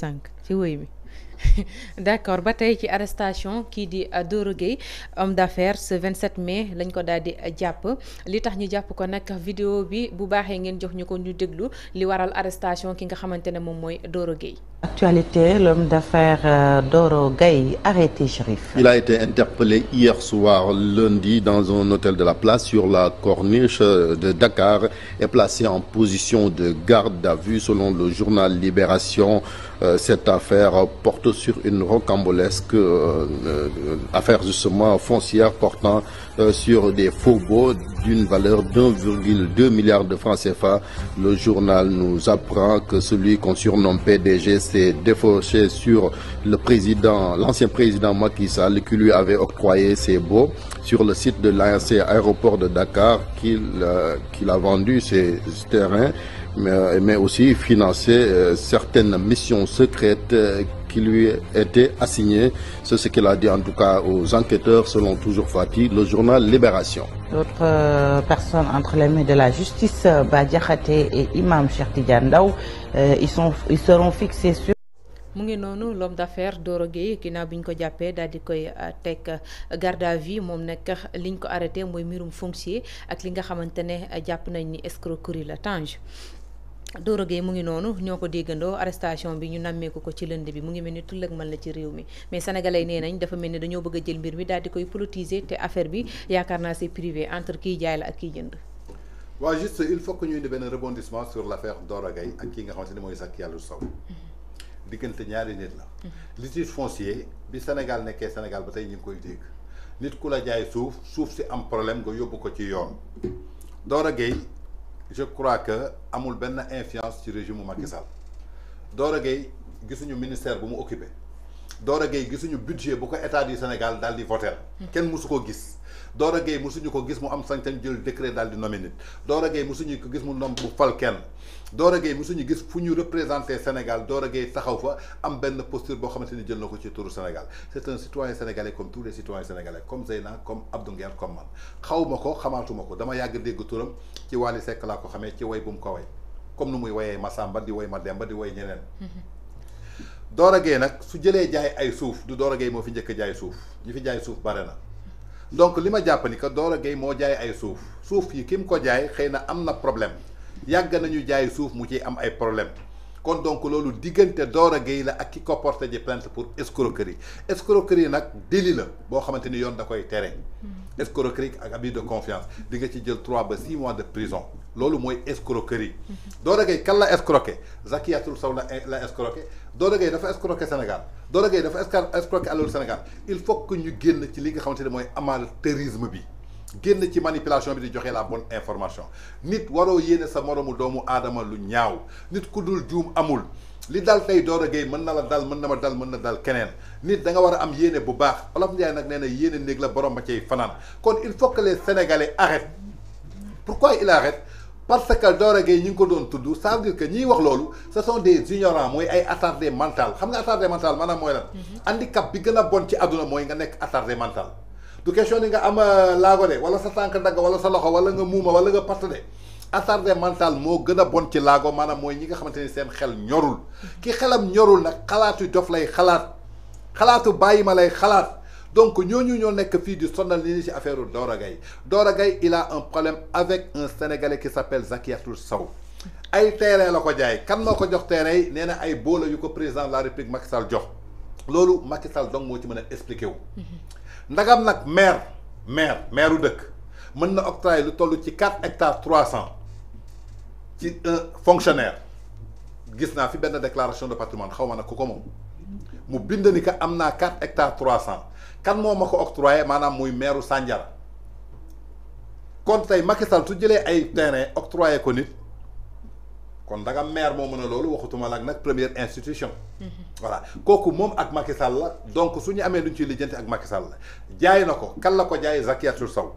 sànq ci wëy mi d'accord ba tey ci arrestation kii di euh, Doro Gueye homme d'affaires ce 27 mai lañ ko daal di euh, jàpp li tax ñu jàpp ko nag vidéo bi bu baaxee ngeen jox ñu ko ñu déglu li waral arrestation ki nga xamante ne moom mooy Doro Gueye Actualité, l'homme d'affaires euh, Doro Gaye arrêté, shérif. Il a été interpellé hier soir, lundi, dans un hôtel de la place sur la corniche euh, de Dakar et placé en position de garde à vue selon le journal Libération. Euh, cette affaire porte sur une rocambolesque affaire justement foncière portant euh, sur des faux-baux d'une valeur d'1,2 milliard de francs CFA. Le journal nous apprend que celui qu'on surnomme PDG s'est défauché sur le président, l'ancien président Macky Sall qui lui avait octroyé ses baux sur le site de l'ANC aéroport de Dakar euh, qu'il a vendu ses terrains mais, aussi financé euh, certaines missions secrètes qui lui était assigné. C'est ce qu'il a dit en tout cas aux enquêteurs, selon toujours Fatih, le journal Libération. D'autres euh, personnes entre les mains de la justice, euh, Badiakhate et Imam Chertidjandaou, euh, ils, sont, ils seront fixés sur... l'homme d'affaires Doro qui n'a bi ñu ko jàppee daal di koy euh, teg garde à vue moom nag li ko arrêté mooy mbirum foncier ak li nga xamante ne jàpp nañ ni escroquerie la Tange Doro Gueye mu ngi noonu ñoo ko déggandoo arrestation bi ñu nammeeku ko ci lënd bi mu ngi mel ni tullak man la ci réew mi mais sénégalais yi dafa mel ni dañoo bëgg a jël mbir mi daal di koy politiser te affaire bi yaakaar naa c'est privé entre kiy jaay la ak kiy jënd waaw juste il faut que ñu indi benn rebondissement sur l'affaire Doro Gueye ak ki nga xamante ni mooy Zaki Yallou Sow mm-hmm. diggante ñaari nit la mm-hmm. litige foncier bi Sénégal nekkee Sénégal ba tey ñu koy dégg nit ku la jaay suuf suuf si am problème nga yóbbu ko ci yoon Doro Gueye je crois que amul benn influence ci régime mu Macky Sall Doro Gueye gisuñu ministère bu mu occupé Doro géey gisuñu budget bu ko état du Sénégal daal di voter hmm. kenn mësu ko gis Doro gay mosuñu ko gis mu am sañ-sañ jël décret daal di nommer nit gay Gueye ko gis mu nom bu fal kenn Doro Gueye mosuñu gis fu ñu Sénégal Doro gay taxaw fa am benn posture boo xamante ni jël na ci turu Sénégal c'est un citoyen sénégalais comme tous les citoyens sénégalais comme Zeyna comme Abdou Nguer comme man xaw ma ko xamaatuma ko dama yàgg dégg turam ci Wally Seck laa ko xamee ci way bu ko way comme nu muy woyee Massamba di woy Mademba di woy ñeneen Doro Gueye nag su jëlee jaay ay suuf du Doro Gueye fi jaay fi jaay bare na donc li ma jàpp ni que Doro Gueye moo jaay ay suuf suuf yi ki mu ko jaay xëy na am na problème yàgg nañu jaay suuf mu ci am ay problème kon donc loolu diggante Doro Gueye la ak ki ko porté ji plainte pour escroquerie escroquerie nag délit la boo xamante ni yoon da koy tere. Hmm. escroquerie ak abus de confiance di nga ci jël trois ba six mois de prison loolu mooy escroquerie. Hmm. Doro Gueye kan la escroqué Zakiyatul la la escroqué Doro Gueye dafa escroqué Sénégal Doro Gueye dafa escroqué alalu Sénégal il faut que ñu génn ci li nga xamante ne mooy terrorisme bi génn ci manipulation bi di joxe la bonne information nit waroo yéene sa moromu doomu aadama lu ñaaw nit ku dul juum amul li dal tey Doro Gueye mën na la dal mën na ma dal mën na dal keneen nit da nga war a am yéene bu baax Olof Ndiaye nag nee na yéene néeg la borom ba cay fanaan kon il faut que les Sénégalais arrêtent pourquoi il arrête parce que Doro Gueye ñi ngi ko doon tudd ça veut dire que ñiy wax loolu ce sont des ignorants mooy ay attardé mental xam nga attardé mental maanaam mooy lan mhm. handicap bi gën a bon ci àdduna mooy nga nekk attardé mental du question ni nga am laago de wala sa tànk dag wala sa loxo wala nga muuma wala nga patte de atarde mental mo gëna bon ci lago manam moy ñi nga xamanteni seen xel ñorul ki xelam ñorul nak xalaatu dof lay xalaat xalaatu bayima lay xalaat donc ñoñu ñoo nekk fii di sonal li ni ci affaire Dora Gay Dora Gay il a un problème avec un sénégalais qui s'appelle Zakiatou Sow ay téré la ko jaay kan moko jox téré néna ay bolo yu ko président de la république Macky Sall jox lolu Macky Sall donc mo ci mën a expliqué wu ndagam nag maire maire maireu deuk mën na lu tollu ci 4 hectares 300. ci un fonctionnaire gis na fi déclaration de patrimoine xawma nak mu bind ni hectares trois kan momako octroyé ko moy Sandiara kon tay Macky Sall su ay terrain octroyé ko nit kon da nga maire moo mën a loolu waxutuma la ak nag première institution. voilà kooku moom ak Macky Sall la donc su ñu amee lu ñu ciy lijjanti ak Macky Sall la jaay na ko kan la ko jaay Zakiatou Sow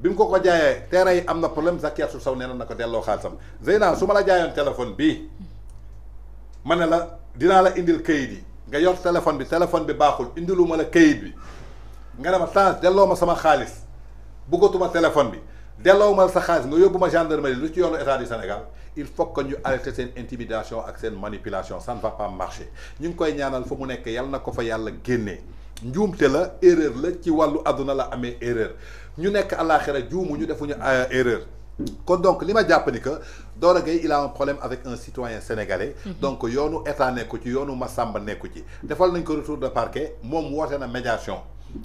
bi mu ko ko jaayee terrain yi am na problème Zakiatou Sow nee na na ko delloo xaalisam Zeyna su ma la jaayoon téléphone bii ma ne la dinaa la indil kayit yi nga yor téléphone bi téléphone bi baaxul indilu ma la kayit bi nga ne ma change delloo ma sama xaalis bëggatuma téléphone bi. delloomal sa xaalis nga yóbbu ma gendarmerie lu ci yoonu état du Sénégal il faut que ñu arrêter seen intimidation ak seen manipulation ça ne va pas marcher ñu ngi koy ñaanal fu mu nekk yàlla na ko fa yàlla génnee njuumte la erreur la ci wàllu aduna la amee erreur ñu nekk àllaaxira juumu ñu defuñu euh, erreur. kon donc li ma jàpp ni que Dora Gueye il a un problème avec un citoyen sénégalais. Mm-hmm. donc yoonu état nekku ci yoonu samba nekku ci. defal nañ ko retour de parquet moom woote na médiation.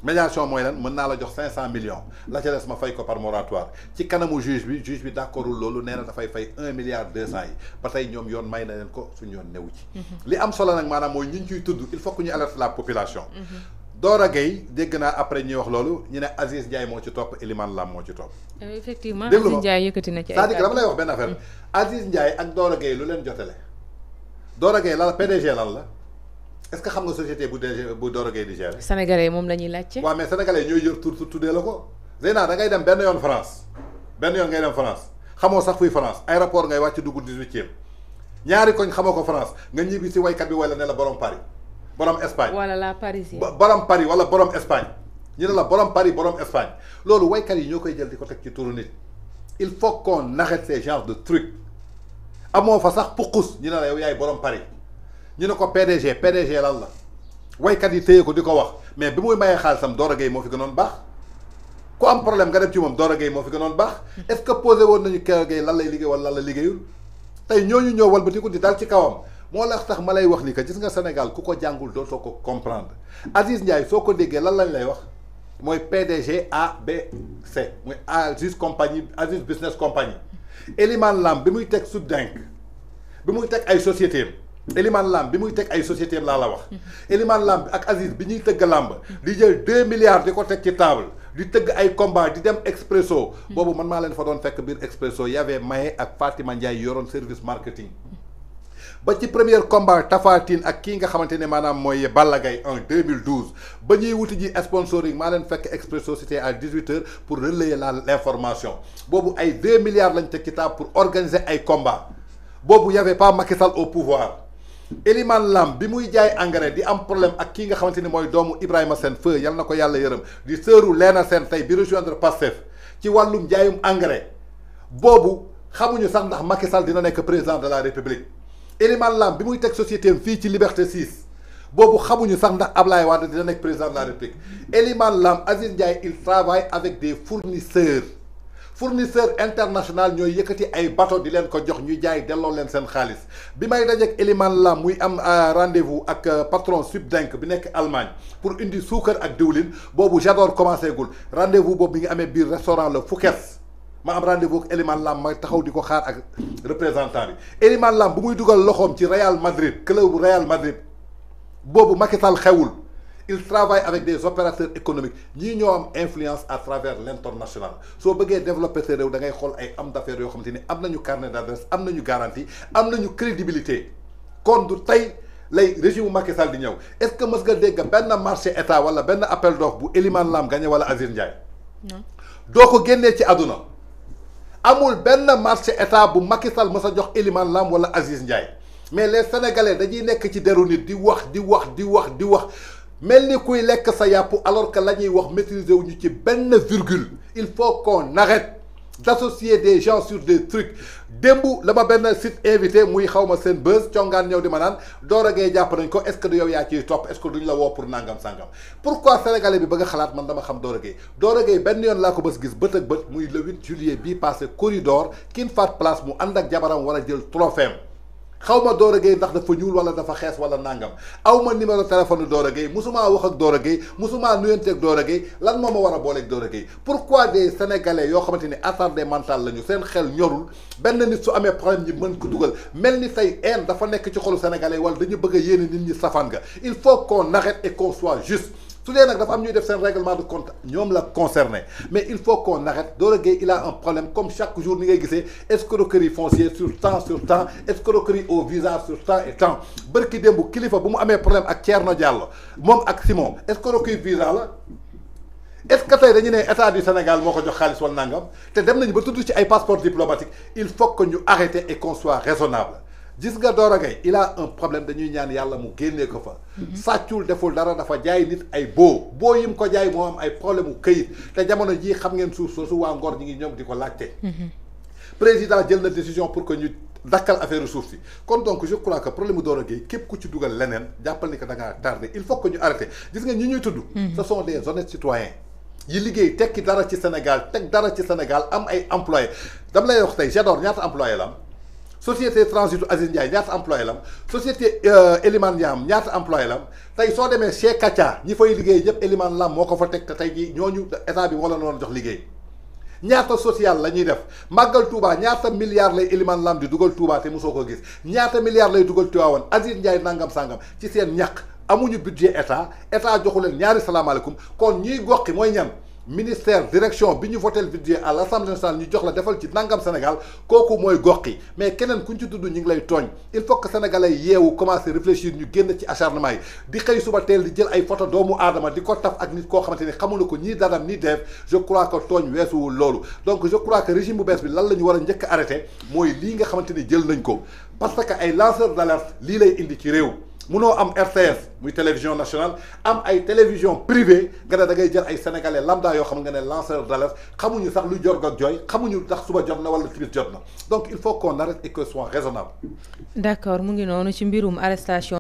médiation mooy lan mën naa la jox cinq cent millions la ca des ma fay ko par moratoire ci kanamu juge bi juge bi d'accordul loolu nee na dafay fay un milliard deux cent yi ba tey ñoom yoon may na leen ko suñu yoon newu ci mhm. li am solo nag maanaam mooy ñun ciy tudd il faut que ñu alerte la population mhm. Dora Gueye dégg naa après ñuy wax loolu ñu ne Aziz Ndiaye moo ci topp Elimane Lam moo ci topp effectivement Aziz Ndiaye yëkkati dama lay wax benn affaire mhm. Aziz Ndiaye ak Dora la est-ce que xam nga société bu bu sénégalais mais sénégalais ñooy yor tour la ko da dem France ngay France sax fuy France aéroport ngay ñaari koñ France nga bi wala borom Paris borom Espagne. wala la borom Paris wala borom Espagne ñu la borom Paris borom Espagne loolu waykat yi ñoo jël di ko ci nit il faut qu'on arrête ces genre de trucs amoo fa sax yaay borom Paris ñu ne PDG PDG lan la yi téye ko di ko wax mais bi muy maye xaalisam fi gënoon baax ku am problème nga dem ci moom fi gënoon baax est-ce que posé woon nañu avez lan lay liggéey lan la liggéeyul tey ñooñu ñëw avez di dal ci kawam moo la tax ma wax que gis nga Sénégal ku ko jàngul dootoo comprendre Aziz lan lañ lay wax PDG Aziz Aziz business compagnie Eliman Lam bi muy teg bi muy teg ay Eliman Lamb bi muy teg ay société laa la wax. Eliman Lamb ak Aziz bi ñuy tëgg làmb di jël deux milliards de ko teg ci table di tëgg ay combat di dem Expresso. boobu man maa leen fa doon fekk biir Expresso y avait Maye ak Fatima Ndiaye yoroon service marketing. ba ci premier combat Tafatine ak qui nga xamante ne maanaam Ballagay en 2012 ba ñuy wuti ji sponsoring maa leen fekk Expresso c'était à 18h pour relayer l'information l'information boobu ay 2 milliards de teg ci table pour organiser ay combat boobu y avait pas Macky Sall au pouvoir. Eliman Lam bi muy jaay engrais di am problème ak ki nga xamanteni ni doomu Ibrahima Sène feu yalla na yalla yeureum di sëru Lena Sène tey bi rejoindre Pastef ci walum jaayum engrais bobu xamuñu sax ndax Macky Sall dina nek président de la République Eliman Lam bi muy tek société fi ci Liberté 6 Bobu, xamuñu sax ndax Ablaye Wade dina nek président de la République Eliman Lam Aziz Jaay il travaille avec des fournisseurs fournisseur international ñoy yëkëti ay bateau di leen ko jox ñu jaay delloo leen bi may Lam muy am euh, rendez-vous ak euh, patron Subdenk bi nekk Allemagne pour indi suukar ak diwlin boobu j'adore commencé gul rendez-vous boobu mi ngi amee restaurant le ma am rendez-vous ak Eliman Lam may taxaw xaar ak représentant Lam bu muy Real Madrid club Real Madrid boobu Macky Sall xewul ils travaillent avec des opérateurs économiques Ils ont am influence à travers l'international vous voulez développer ce réseau, da ngay xool ay hommes d'affaires yoo xamante am carnet d'adresse am nañu garantie am nañu crédibilité kon du le régime Macky Sall di est-ce que mës nga dégg marché état wala un appel d'offres pour Eliman Lam gagné wala Aziz Ndiaye. Non. ko génnee ci àdduna amul benn marché état bu Macky Sall mës a jox Eliman Lam wala Aziz Ndiaye mais les sénégalais dañuy sont ci le nit di wax di wax di wax di wax mel ni kuy lekk sa yàpp alors que la ñuy wax maîtriser wuñu ci benn virgule il faut qu'on arrête d'associer des gens sur des trucs démb la ma benn site invité muy xaw ma seen buzz congaan ñëw di ma naan Doro Gaye jàpp nañ ko est-ce que du yow yaa ciy topp est-ce que duñ la woo pour nangam sangam pourquoi sénégalais bi bëgg nga xalaat man dama xam Doro Gaye Doro Gaye benn yoon laa ko bës gis bët ak bët muy le 8 juillet bii passé corridor kin faat place mu ànd ak jabaram war a jël trophée xawma ma Doro ndax dafa ñuul wala dafa xees wala nangam awma numéro téléphone Doro Gueye musumaa wax ak Doro musuma musumaa nuyanteeg Doro Gueye lan moma wara war ak booleeg Doro pourquoi des sénégalais yo xamanteni ni attardé mental lañu ñu seen xel ñorul ben nit su amé problème ñi mën ko duggal melni ni say haine dafa nekk ci xolu sénégalais wala dañu bëgg yéene nit ñi safan nga il faut qu'on arrête et qu'on soit juste su a nag dafa am ñuy def un règlement de compte nous la concernés mais il faut qu'on arrête Doro Gueye il a un problème comme chaque jour ni ngay gisee escroquerie foncière sur temps sur temps escroquerie au visa sur temps et temps bërki démb kilifa bu mu un problème avec Thierno Diallo ce ak Simon escroquerie visa est-ce que c'est dañu ne état du Sénégal qui ko jox xaalis Wal nangam te dem nañu ba tudd ci ay passeport diplomatique il faut qu'on arrête et qu'on soit raisonnable gis nga doora gay il a un problème dañuy ñaan yàlla mu génnee ko fa. Mhm. sàccul deful dara dafa jaay nit ay boo boo yim ko jaay moo am ay problème mu këyit te jamono ji xam ngeen suuf soosu waa Ngor ñi ngi ñoom di ko laajte. Mhm. président jël na décision pour que ñu dakkal affaire suuf si kon donc je crois que problème doora gay Gaye képp ku ci dugal leneen jàppal ni que da ngaa tardé il faut que ñu arrêté gis nga ñi ñuy tudd. Mhm. ce sont des honnêtes citoyens. yi liggéey tekki dara ci Sénégal teg dara ci Sénégal am ay employés dama lay wax tey Jador ñaata employé la am. société transitu Aziz Ndiaye ñaata employé lam société euh, Elimane Niam ñaata employé la tey soo demee chez Katia ñi fay liggéey ñëpp Elimane Lam moo ko fa teg te tey jii ñooñu état bi wala noonu jox liggéey ñaata social la ñuy def màggal Touba ñaata milliards lay Elimane Lam di dugal Touba te mosoo ko gis ñaata milliards lay dugal waawan Aziz Ndiaye ndàngam sangam ci seen ñàq amuñu budget état état joxu leen ñaari salaamaaleykum kon ñuy goqi mooy ñan ministère direction bi ñu voté budget à l'assemblée nationale ñu jox la défal ci nangam Sénégal koku moy gox yi mais kenen kuñ ci tudd ñu ngi lay togn il faut que sénégalais yeewu commencer réfléchir ñu génn ci acharnement yi di xëy suba tel di jël ay photo doomu aadama di ko taf ak nit ko xamanteni ni ko ñi daanam ni def je crois que tooñ weesuwul lolu donc je crois que régime bu bees bi lan lañu wara ñëk arrêter moy li nga xamanteni jël nañ ko parce que ay lanceur d'alerte li lay indi ci réew munoo am RTS muy télévision nationale am ay télévision privée nga ne da jël ay sénégalais lambda yo xam nga né lanceur d'alerte xamuñu sax lu jorg ak jooy xamuñu tax suba jot na wala timis jot donc il faut qu'on arrête et que soit raisonnable d'accord mu ngi noonu ci mbirum arrestation